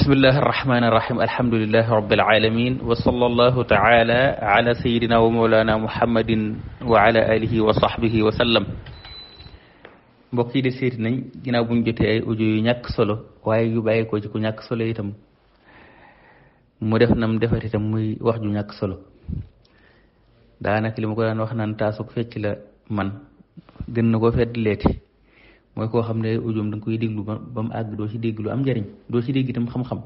bismillahi arrahmani irrahim alhamdulilahi rabbil alamin wa sallallahu taala ala wa mawlana muhammadin wa ala wa sahbihi wa sallam mbokk de seeti nañ ginnaaw buñ jotee ay audio yu solo waaye yu bàyyi ko ci ñàkk solo itam mu def nam defati itam muy wax ju ñàkk solo daanaka li ma ko daan wax naan taasuk fecc la man gën na ko fedd leeti mooy koo xam ne audiom da koy déglu ba ba àgg doo ci dégg lu am njariñ doo ci dégg tam xam-xam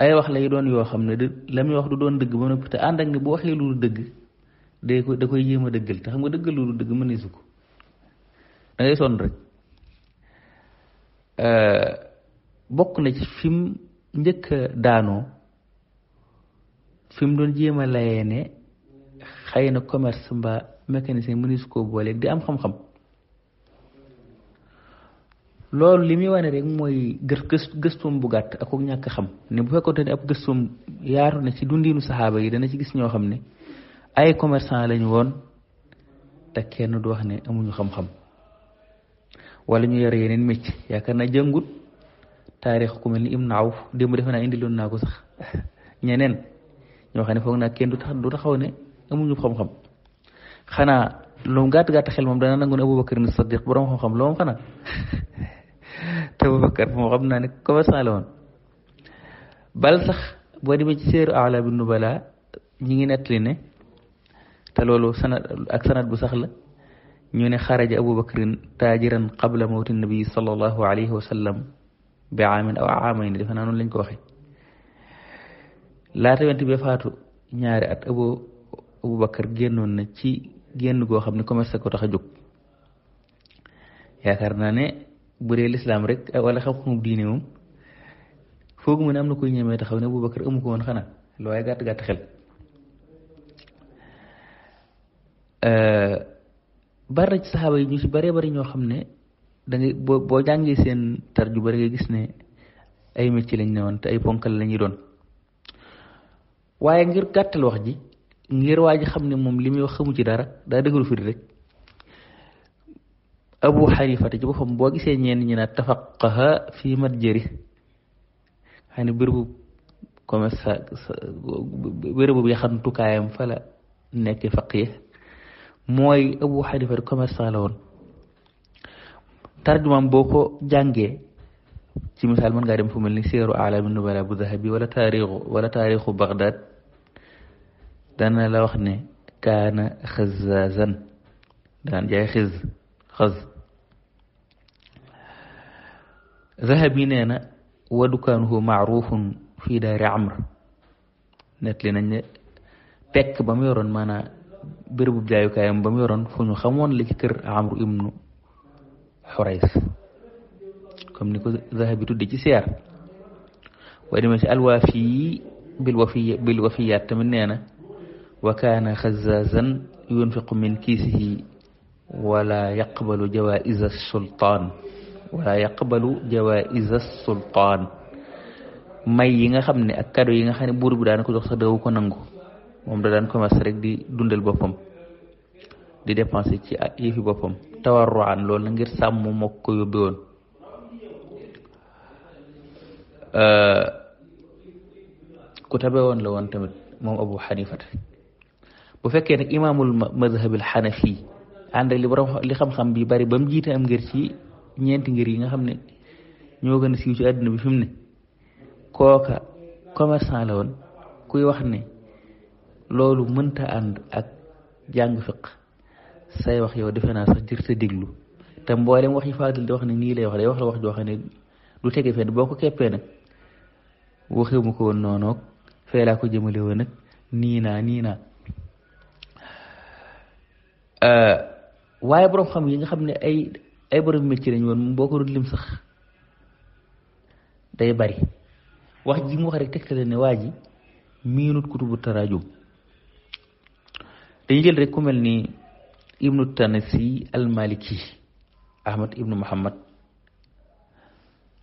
ay wax lay doon yoo xam ne de la muy wax du doon dëgg ba noppi te ànd ak ne bu waxee lu dëgg day koy jéem a dëggal te xam nga dëggal lu dëgg mën su ko da ngay sonn rek bokk na ci fi mu njëkk a daanoo fi mu doon jéem a layee ne xëy na commerce mbaa mécanicien mënees koo booleeg di am xam-xam loolu li muy wane rek mooy gës gëstum bu gàtt ak ñàkk xam ne bu fekkoon ne ab gëstum yaaru na ci dundiinu saxaaba yi dana ci gis ñoo xam ne ay commerçant lañu woon te kenn du wax ne amuñu xam-xam wala ñu yore yeneen mécc yaakaar na jàngut taarix ku mel ni Ibn Awf démb defe naa indiloon naa ko sax ñeneen ñoo xam ne foog naa kenn du tax du taxaw ne amuñu xam-xam xanaa loom gàtt gàtt xel moom dana nangu ne Abubakar ni Sadiq borom xam-xam loom xanaa te Abubakar moom xam naa ne commerçant la boo demee ci séeru ala bi nubala ngi nettali ne te loolu sanad ak bu sax la ñu ne xaraja Abubakrin taajiran qabla mawti nabi sallallahu alayhi wa sallam bi aw aamayn defe naa noonu lañ ko waxe laata yonent bi faatu ñaari at Abu Aboubacar génnoon na ci génn goo xam ne commerce ko tax a jóg yaakaar naa ne bu lislaam rek eh, wala xam-xamu diine moom foogu mu ne am na koy ñemee taxaw ne Aboubacar amu ko woon xanaa lu waaye gàtt gàtt xel eh, bari yi ñu ci baree bari ñoo xam ne da ngay boo boo jàngee seen tarju bari nga gis ne ay métier lañ ne ay ponkal la ñuy doon waaye ngir gàttal wax ngir waa ji xam ne moom li muy wax xamu ci dara daa dëggalu firi rek abu xanifa te ci boppam boo gisee ñeen ñi naan tafaqaha fi mat xam ne bérébu commerce bérébu yaxantukaayam fa la nekk faqiih mooy abu xanifa de commerçant la woon boo ko jàngee ci misaal mën ngaa dem fu mel ni seeru alaami nubala bu dahabi wala wala taarixu Bagdad dana la wax ne kaana xazazan daan jaay xiz xaz zahabi nee na wa dukaanuhu maarufun fii daari amr net li nañ ne pekk ba mu yoroon maanaam bérébu jaayukaayam ba mu yoroon fu ñu xamoon la ci kër amru ibnu xurays comme ni ko zahabi tudde ci siyaar waaye demee ci alwaafi bil wafiyaat tamit nee na wa kaana xazazan yunfiqu min kiisihi wala yaqbalu jawaiza sultaan wala yaqbalu jawaiza sultaan may yi nga xam ne ak kado yi nga xam ne buur bi daana ko jox sax ko nangu moom da daan commerce rek di dundal boppam di dépenser ci yëfi boppam tawarruan lool na ngir sàmm moo ko yóbbe woon euh, ku tabe woon la woon tamit moom Abu Xanifata bu fekkee nag imaamul mazhabil xanafi ànd ak li borom li xam-xam bi bari ba mu jiite am ngir ci ñeenti ngir yi nga xam ne ñoo gën a siiw ci àdduna bi fi mu ne kooka commerçant la woon kuy wax ne loolu mënta ànd ak jàng fiq say wax yow defe naa sax jër sa déglu te mboolem wax yi faadil di wax ne nii lay wax day wax la wax joo xam ne du tege fenn boo ko keppee nag waxewu ma ko woon noonoog fee jëmale woon nag nii naa Euh, waaye borom xam yi nga xam ne ay ay borom métier lañ woon boo lim sax day bari wax ji mu wax rek tegtale ne waa ji miinut kutubu taraajum dañuy jël rek ku mel ni ibnu tanasi al maliki ahmad ibnu muhammad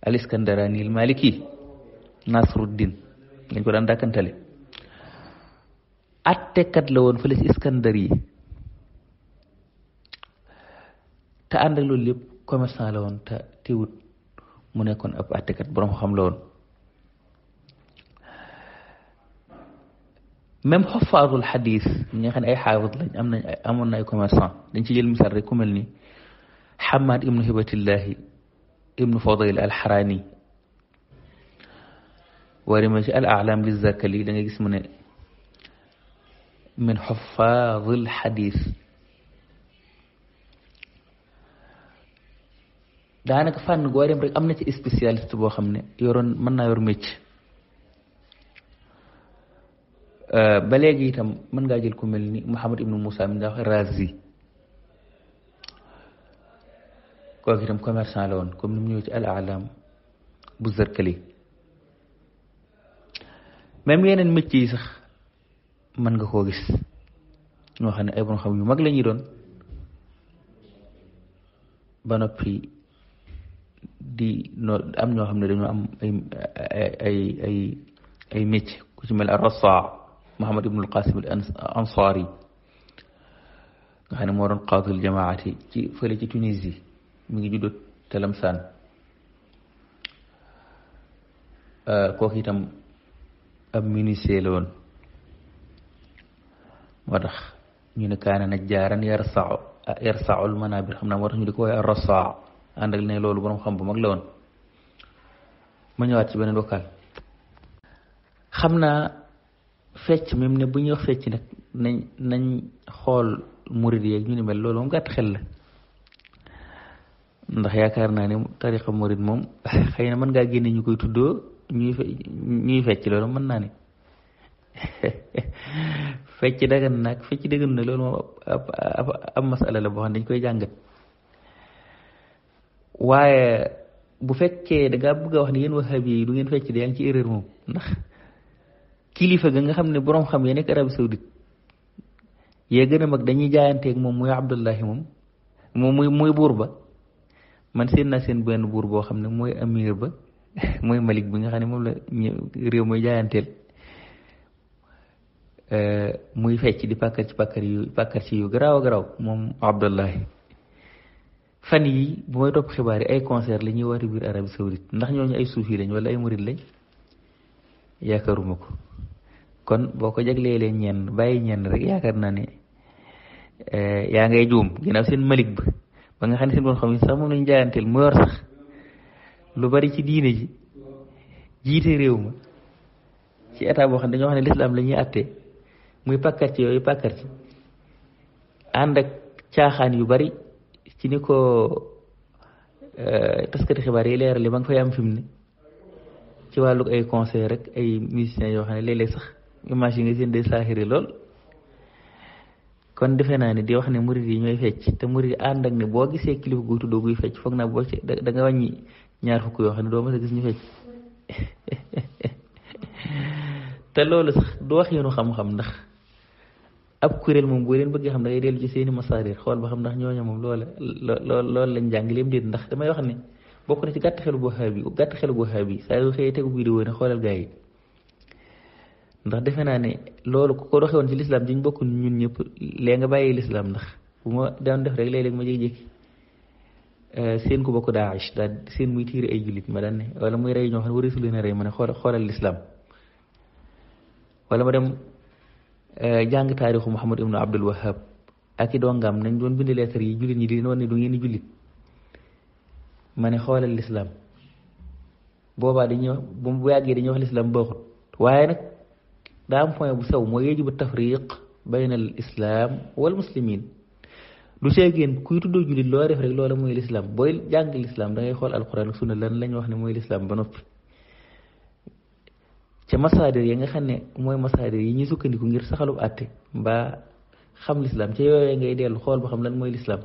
al iskandarani al nasruddin dañ ko daan dàkkantale attekat la woon fële si iskandar yi te ànd ak loolu lépp commerçant la woon te teewut mu nekkoon ab àttekat boroom xam la woon même xofaatul xadiis ñi nga ay xaafis lañ am nañ amoon ay commerçant dañ ci jël misaal rek ku mel ni Xamaad ibnu Hibatillahi ibnu Fadayl al-Xaraani wari ma al-Aclaam li Zakali da gis mu ne min xofaatul xadiis daanaka fànn goo dem rek am na ci spécialiste boo xam ne yoroon mën naa yor mécc euh, ba léegi itam mën ngaa jël ku mel ni Mouhamad ibnu Moussa mi nga wax Razi kooku itam commerçant la woon comme ni mu ñëw ci al alam bu zërkali même yeneen mécc sax mën nga koo gis ñoo xam ne ay xam yu mag la ñuy doon ba noppi di no am ñoo xam ne dañoo am ay ay ay ay métier ku ci mel ar-Rassaa Muhammad ibn al-Qasim al moo doon qaadul jamaati ci fële ci Tunisie mi ngi juddoo Talamsaan euh, kooku itam ab menuisier la woon moo tax ñu ne kaana najjaaran yarsa'u yarsa'u al-manaabir xam naa moo tax ñu di ko woowee ar ànd ak ne loolu borom xam bu mag la woon ma ñëwaat ci beneen vocal xam naa fecc même ne bu ñuy wax fecc nag nañ nañ xool murid yeeg ñu ni mel loolu moom gàtt xel la ndax yaakaar naa ne tariqa murid moom xëy na mën ngaa génne ñu koy tuddoo ñuy ñuy fecc loolu mën naa ne fecc dagan nag fecc dagan na loolu moom ab ab ab masala boo xam ne dañ koy jàngat waaye bu fekkee da ngaa bëgg a wax ni yéen wahabi yi du ngeen fecc de yaa ci erreur moom ndax kilifa ga nga xam ne borom xam ya nekk Arabie Saoudite yee gën a mag dañuy jaayanteeg moom muy Abdullahi moom moom muy muy buur ba man seen naa seen benn buur boo xam ne mooy amir ba mooy malik bi nga xam ne moom la réew mooy jaayanteel euh, muy fecc di pàkkar ci pàkkar yu pàkkar garaaw a garaaw moom Abdullahi fan yi boo may topp xibaar yi ay concert la ñuy waati biir Arabie ndax ñooñu ay suufi lañ wala ay murid lañ yaakaaruma ko kon boo ko jaglee leen ñenn bàyyi ñenn rek yaakaar naa ne eh, yaa ngay juum ginnaaw seen malik ba nga xam ne seen boon xam ne sax moom lañu jaayanteel mu yor sax lu bari ci diine ji jiite réew ma ci état boo xam ne dañoo xam ne lislaam la ñuy àttee muy pàkkat ci yooyu pàkkat caaxaan yu bari ci ni ko euh, taskati xibaar yi leeral li ma nga fay am fi mu ne ci wàllu ay conseil rek ay musiciens yoo xam ne léeg sax sax image yi nga seen day saaxiri lool kon defe naa ne di wax ne murid yi ñooy fecc te murid yi ànd ak ne boo gisee kilifa gu tuddoo guy fecc foog naa boo ci da nga ñaar fukk yoo xam ne doo mës ñu fecc loolu sax du wax yenu xam-xam ndax ab kuréel moom boo leen bëgg xam da ngay dellu ci seeni masaarir xool ba xam ndax ñooñu moom loola lool loolu lañ jàng lépp déet ndax damay wax ne bokk na ci gàtt xelu Wahhabi gàtt xelu Wahhabi saa yu xëyee tegu vidéo ne xoolal gaa yi ndax defe naa ne loolu ko doxee woon ci lislaam diñ bokk ñun ñëpp léegi nga bàyyi lislaam ndax bu ma daan def rek léeg-léeg ma jékki-jékki euh, seen bokk Daesh daal seen muy tiiri ay jullit ma daan ne wala muy rey ñoo xam ne warisu leen a rey ma ne xoolal lislaam wala ma dem Eh, jàng taarixu Muhammad ibnu Abdul Wahab ak i dongam nañ doon bind leetar yi jullit ñi di leen wan ne du ngeen di jullit ma ne xoolal lislaam boobaa dañuy wax bu yàggee dañuy wax lislaam baaxut waaye nag daa am point bu sew mooy yajibu tafriq bayna al islaam wal muslimin du seegeen kuy tuddoo jullit loo def rek loola mooy lislaam booy jàng lislaam da ngay xool alquran ak sunna lan lañ wax ne mooy lislaam ba noppi ca masaadir ya nga xam ne mooy masaadir yi ñuy sukkandiku ngir saxalub àtte ba xam lislaam ca yooyee ngay dellu xool ba xam lan mooy lislaam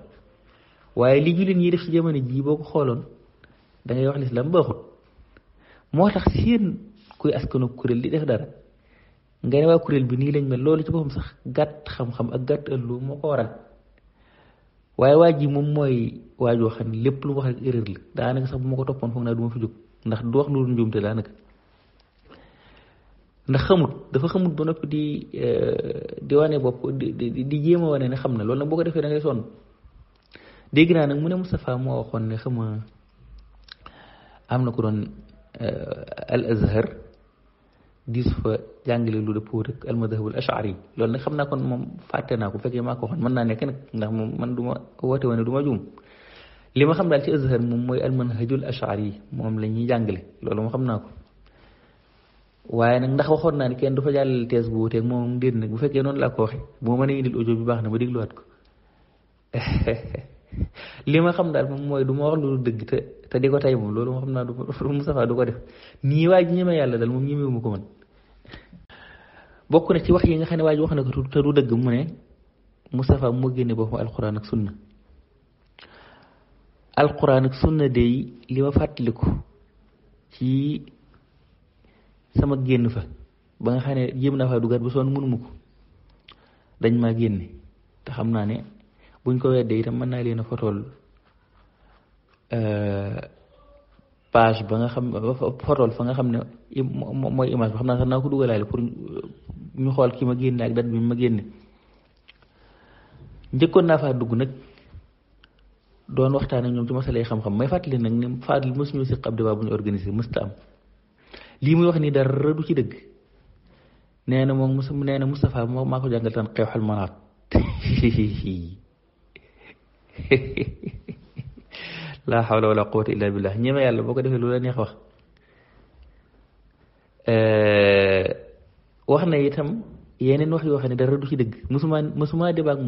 waaye li jullit ñiy def ci jamono jii boo ko xooloon da wax lislaam baaxul moo tax seen kuy kuréel di def dara nga ne bi nii lañ mel loolu ci boppam sax gàtt xam-xam ak gàtt moo ko waral waaye waa ji moom mooy waajoo xam ne lépp lu wax rek erreur la daanaka sax bu ma ko toppoon foog naa du fi jóg ndax du wax lu dul daanaka ndax xamut dafa xamut ba noppi di euh, di wane bopp di di di jéem a wane ne xam na loolu nag boo ko defee da ngay sonn dégg naa nag mu ne Moustapha moo waxoon ne xama am na ku doon euh, al azhar dis fa jàngale lu dëppoo rek al madhabul ashari loolu nag xam naa kon moom fàtte naa ko bu fekkee maa ko waxoon mën naa nekk nag ndax moom man du ma woote wane du ma juum li ma xam daal ci azhar moom mooy al manhajul ashari moom la ñuy jàngale loolu moom xam naa ko. waaye nag ndax waxoon naa ne kenn du fa jàllale tees bu te moom déet nag bu fekkee noonu laa ko waxee boo mënee indil audio bi baax na ma li ma xam daal moom mooy du ma wax loolu dëgg te di ko tey moom loolu moo xam naa du du ko def nii waa ji ñeme yàlla dal moom ñemewu ma ko man. bokk na ci wax yi nga xam ne waa ji wax na ko te du dëgg mu ne Moustapha moo génne boppam alquran ak sunna alquran ak sunna de li fàttaliku ci. sama génn fa ba nga xam ne jéem naa faa dugaat ba sonn mënuma ko dañ maa génne te xam naa ne buñ ko weddee itam mën naa leen a fotool euh, page ba nga xam fotool fa nga xam ne mooy image ba xam naa sax naa ko dugalaale pour ñu xool ki ma génne ak date bi ma génne njëkkoon naa faa dugg nag doon waxtaan ak ñoom ci masalay xam-xam may fàttali nag ne fàttali mësuñu si ab débat bu ñu organisé mësta am lii muy wax nii dara du ci dëgg nee na moom Moussa nee na Moustapha moom maa ko jàngal tan xewxal manaat laa xawla wala quwata illa billah ñeme yàlla boo ko defee lu la neex wax wax na itam yeneen wax yoo xam dara du ci dëgg mosuma mosuma débat ak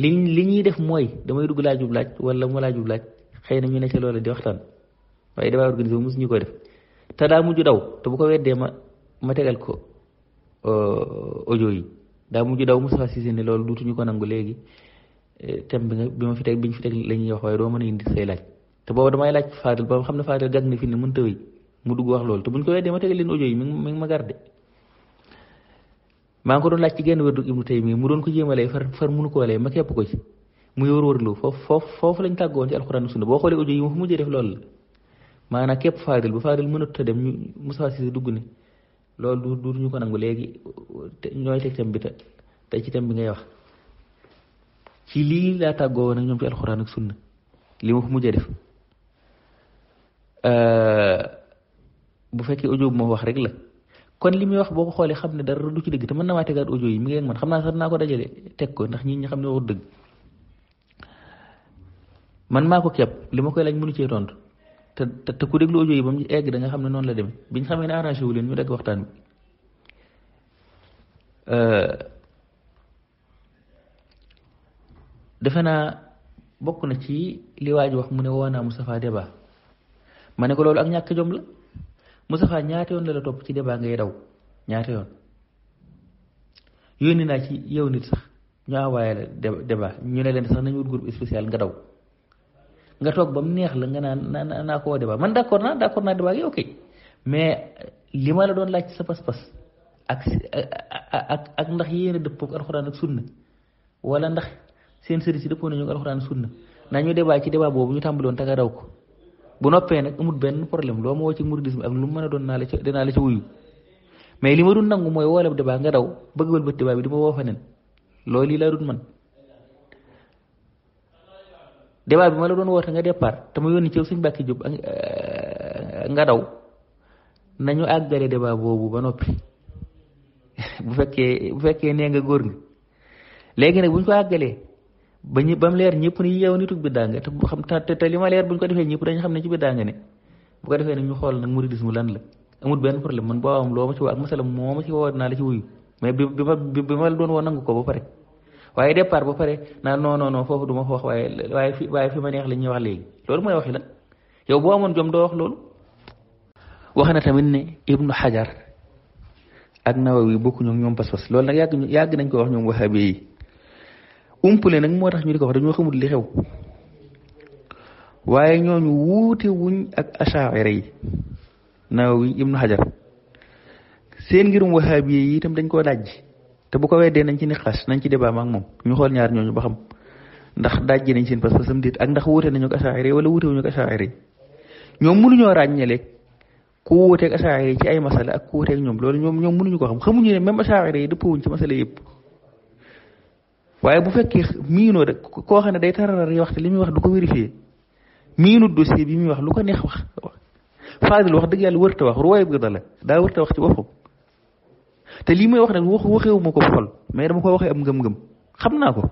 li li ñuy def mooy damay dugg laajub laaj wala mu laajub laaj xëy na ñu ne ca loola di waxtaan waaye débat organisé mosu ko def te daa mujj daw te bu ko weddee ma ma tegal ko euh, audio yi daa mujj daw Moustapha Cissé lool loolu duutuñu ko nangu léegi euh, thème bi nga bi ma fi teg bi ñu fi teg la ñuy wax waaye doo mën a indi say laaj te boo damay laaj Fadel ba xam ne Fadel gàgg na fi ne mënta mu dugg wax loolu te buñ ko weddee ma tegal leen ojo yi ma garde maa ngi ko doon laaj ci genn mu doon ko jéem a lay far far lay ma képp ko ci mu yor wërlu foofu foofu foofu lañ tàggoon ci alxuraan sunna boo xoolee audio yi ma fa mujjee def loolu la maanaam képp Fadil bu Fadil mënut a dem ñu Moussa Cissé dugg ne loolu duur ñu ko nangu léegi ñooy teg tam te ci tam bi ngay wax ci lii laa tàggoo woon ak ñoom ci alxuraan ak sunna li ma ko def euh, bu fekkee audio bu ma wax rek la kon li muy wax boo ko xoolee xam ne dara du ci dëgg te mën na maa tegaat audio yi mi ngi ak man xam naa sax naa ko dajale teg ko ndax ñi ñi xam ne waxut dëgg man maa ko képp li ma koy laaj mënu cee tontu. te te ku déglu audio yi ba mu egg da xam ne noonu la demee biñ xamee ne arrangé wu leen ñu dagg waxtaan bi euh, defe naa bokk na ci li waa ji wax mu ne woo naa Moustapha débat ma ne ko loolu ak ñàkk jom la Moustapha ñaata yoon la la topp ci débat ngay daw ñaata yoon yónni naa ci yow nit sax ñu envoyé la débat ñu ne leen sax nañ wut groupe spécial nga daw nga toog ba mu neex la nga naan naa naa koo débat man d' accord naa d' accord naa débat ok mais li la doon laaj ci sa pas-pas ak ak ndax yéen a dëppoo ak alxuraan ak sunna wala ndax seen sëriñ si dëppoo nañu ak alxuraan ak sunna naa ñu débat ci débat boobu ñu tàmbaloon taga raw ko bu noppee nag amul benn problème loo ma woo ci mouridisme lu mu a doon naa la ca dinaa la li nangu mooy woolam débat nga daw bëgg wëlbati débat bi di ma woo feneen loolu lii laa dun man débat bi ma la doon woote nga départ te ma yónni ci suñ bàkki jub nga daw nañu àggale débat boobu ba noppi bu fekkee bu fekkee nee nga góor ngi léegi nag buñ ko àggalee ba ñu ba mu leer ñëpp ni yow nituk bi daa nga xam ne ci bi daa ne bu ko defee nag ñu xool nag muridisme lan la amul benn problème man boo am ma ci woo ak masalam moo ma ci woo naa la ci wuyu mais bi bi bi ma la doon woo nangu ko ba pare. waaye depart ba pare naan non non non foofu du ma waaye waaye ma neex la ñuy wax léegi loolu mooy waxi la yow boo amoon jom doo wax loolu. wax na tamit ne Ibnu Xajar ak Nawawi bokkuñu ak ñoom pas-pas lool na yàgg yàgg nañ ko wax ñoom waxabe yi umpule nag moo tax ñu di ko wax dañoo xamul li xew waaye ñooñu wuute wuñ ak asaawere yi Nawawi Ibnu Xajar seen ngirum waxabe yi itam dañ koo dajji. te bu ko weddee nañ ci ni xas nañ ci débat ak moom ñu xool ñaar ñooñu ba xam ndax dajji nañ seen pas-pas am déet ak ndax wuute nañu ak asaari wala wuute wuñu ak asaari ñoom mënuñoo ràññale ku ci ay masala ak ku wuuteeg ñoom loolu ñoom ñoom mënuñu ko xam xamuñu ne même asaari yi dëppoo wuñ ci masala yëpp waaye bu fekkee miinoo rek koo xam ne day tararar yi waxte li muy wax du ko vérifié miinu dossier bi muy wax lu ko neex wax Fadil wax dëgg yàlla wërta wax ruwaay bi dala daa wërta wax ci boppam te lii may wax nag wax waxeewu ma ko xol mais dama ko waxee am ngëm-ngëm xam naa ko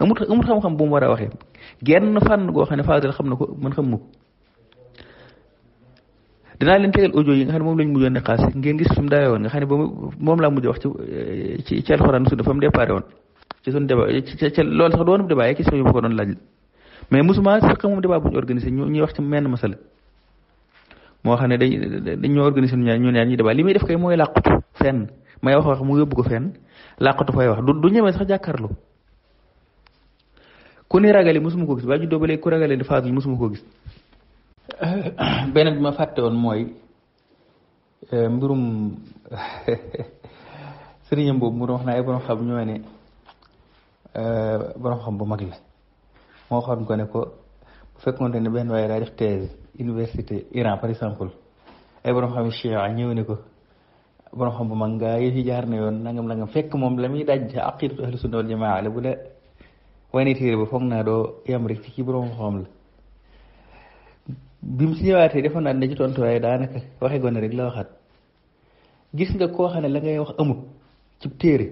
amut amut xam-xam bu mu war a waxee genn fànn goo xam ne Fadel xam na ko man xam ma ko dinaa leen tegal yi nga xam ne moom lañ mujjoon ne xaas ngeen gis fi mu daawee woon nga xam ne ba moom laa mujj wax ci ci woon ci suñu débat ci ci loolu sax doon débat yi question yu ma ko doon laaj mais mosuma sax moom débat bu ñu organisé ñu moo xam ne dañ dañ ñoo organisé ñu ñaar ñu débat li muy def kay mooy la làqutu fenn may wax wax mu yóbbu ko fenn làqatu fay wax du du ñemee sax jàkkaarloo ku ne ragale mosuma ko gis waaye juddoo ba léegi ku ragale di faatu mosuma ko gis. beneen ma fàtte woon mooy euh, mbirum sëriñam boobu mu doon wax naa ay borom xam ñoo ne euh, xam bu mag la moo xoon ko ne ko bu fekkoonte ne benn waaye daa def université Iran par exemple ay xam yi Chia ñëw ko. borom xam bu mag nga yëf yi jaar na yoon nangam nangam fekk moom la muy daj aqidatu ahlu sunna wal bu la wane téere ba foog naa doo yem ci kii borom la bi mu si ñëwaatee naa ne ci tontu daanaka waxe gone rek la waxaat nga koo xam ne la wax amut ci téere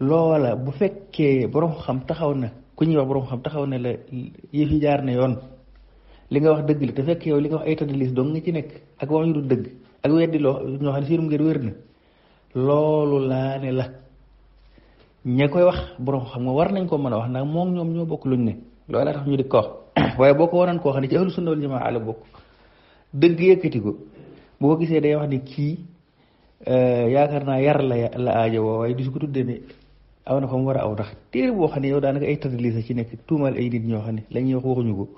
loola bu fekkee borom xam taxaw na ku ñuy wax borom xam taxaw na la yëf yi jaar na yoon li nga wax dëgg la te fekk yow li nga wax ay tadlis dong nga ci nekk ak wax yu du dëgg ak weddi loo ñoo xam ne seenum ngir wér na loolu laa ne la ña koy wax borom xam nga war nañ ko mën a wax ndax moom ñoom ñoo bokk luñ ne loolu laa tax ñu di ko waaye boo ko waroon koo xam ne ci ahlu sunna wal jamaa la bokk dëgg yëkkati ko bu gisee day wax ne kii euh, yaakaar naa yar la la aajo woo waaye di su ko tuddee ne aw na fa mu war a aw ndax téere boo xam ne yow daanaka ay tadlis ci nekk tuumal ay nit ñoo xam ne la ñuy wax waxuñu ko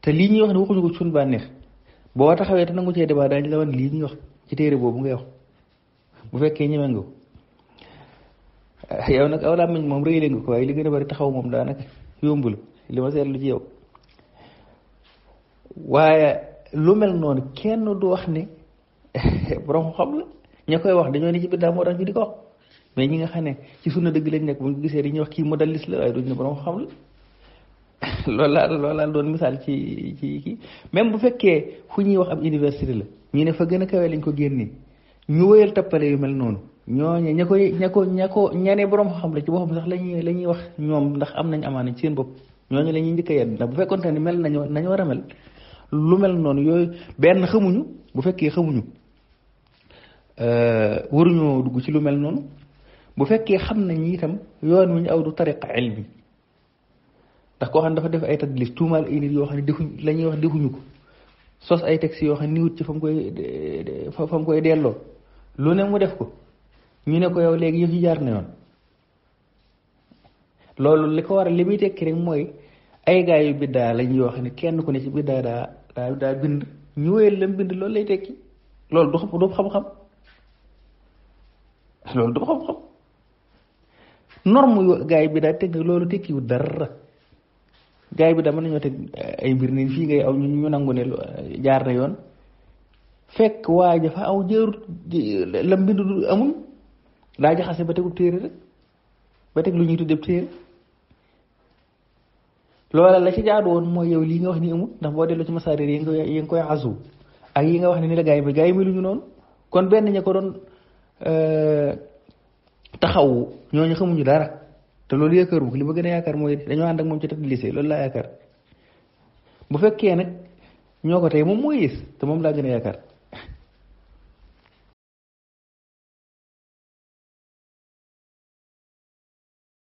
te lii ñuy wax ne waxuñu ko suñu bànneex boo taxawee te nangu cee débat daañu la wan lii ñuy wax ci téere boobu ngay wax bu fekkee ñeme nga ko yow nag aw làmmiñ moom rëy nga ko li gën a bari taxaw moom daanaka yomb la li ma seetlu ci yow waaye lu mel noonu kenn du wax ne borom xam la ña koy wax dañoo ne ci biddaa moo tax ñu di ko wax mais nga xam ne ci sunna dëgg lañ nekk bu ñu gisee dañuy wax kii la waaye duñ ne borom xam la. loolu laa loolu laa doon misaal ci ci kii même bu fekkee fu ñuy wax ab université la ñu ne fa gën a kawe lañ ko génnee ñu wëyal tappale yu mel noonu ñooñu ña koy ña ña borom xam la ci boppam sax la ñuy la ñuy wax ñoom ndax am nañ amaana ci seen bopp ñooñu la ñuy njëkk a yedd ndax bu fekkoonte ni mel nañu nañu war a mel lu mel noonu yooyu benn xamuñu bu fekkee xamuñu euh, waruñoo dugg ci lu mel noonu bu fekkee xam nañ itam yoon wi ñu aw tariqa ilmi ndax ko xam ne dafa def ay tadlis tuumaal ay yoo xam ne defuñ la ñuy wax defuñu ko sos ay textes yoo xam ne niwut ci fa mu koy koy delloo lu ne mu def ko ñu ne ko yow léegi jaar na yoon loolu li ko war li muy tekki rek mooy ay gaa yu biddaa lañ yoo xam ne kenn ku ne ci biddaa daa daa bind ñu wéyal lam bind loolu lay tekki loolu du xam du xam-xam loolu du xam-xam norme gaa yi biddaa teg loolu tekkiwu dara gars bi dama nañoo teg eh, ay mbir nii fii ngay aw ñu nangu ne eh, jaar na yoon fekk waaye dafa aw jërut la mbind du amul daa jaxase ba tegul téere rek ba teg lu ñuy tuddee téere loola la ci jaadu woon mooy yow lii nga wax ni amul ndax boo delloo ci masaareer yi nga koy yi nga koy asu ak yi nga wax ne ni la gars yi bi gars ñu noon kon benn ña ko doon eh, taxawu ñooñu xamuñu dara. te loolu yaakaaruma ko li ma gën a yaakaar mooy dañoo ànd ak moom ci tëdd lycée loolu laa yaakaar bu fekkee nag ñoo ko tey moom mooy yées te moom laa gën a yaakaar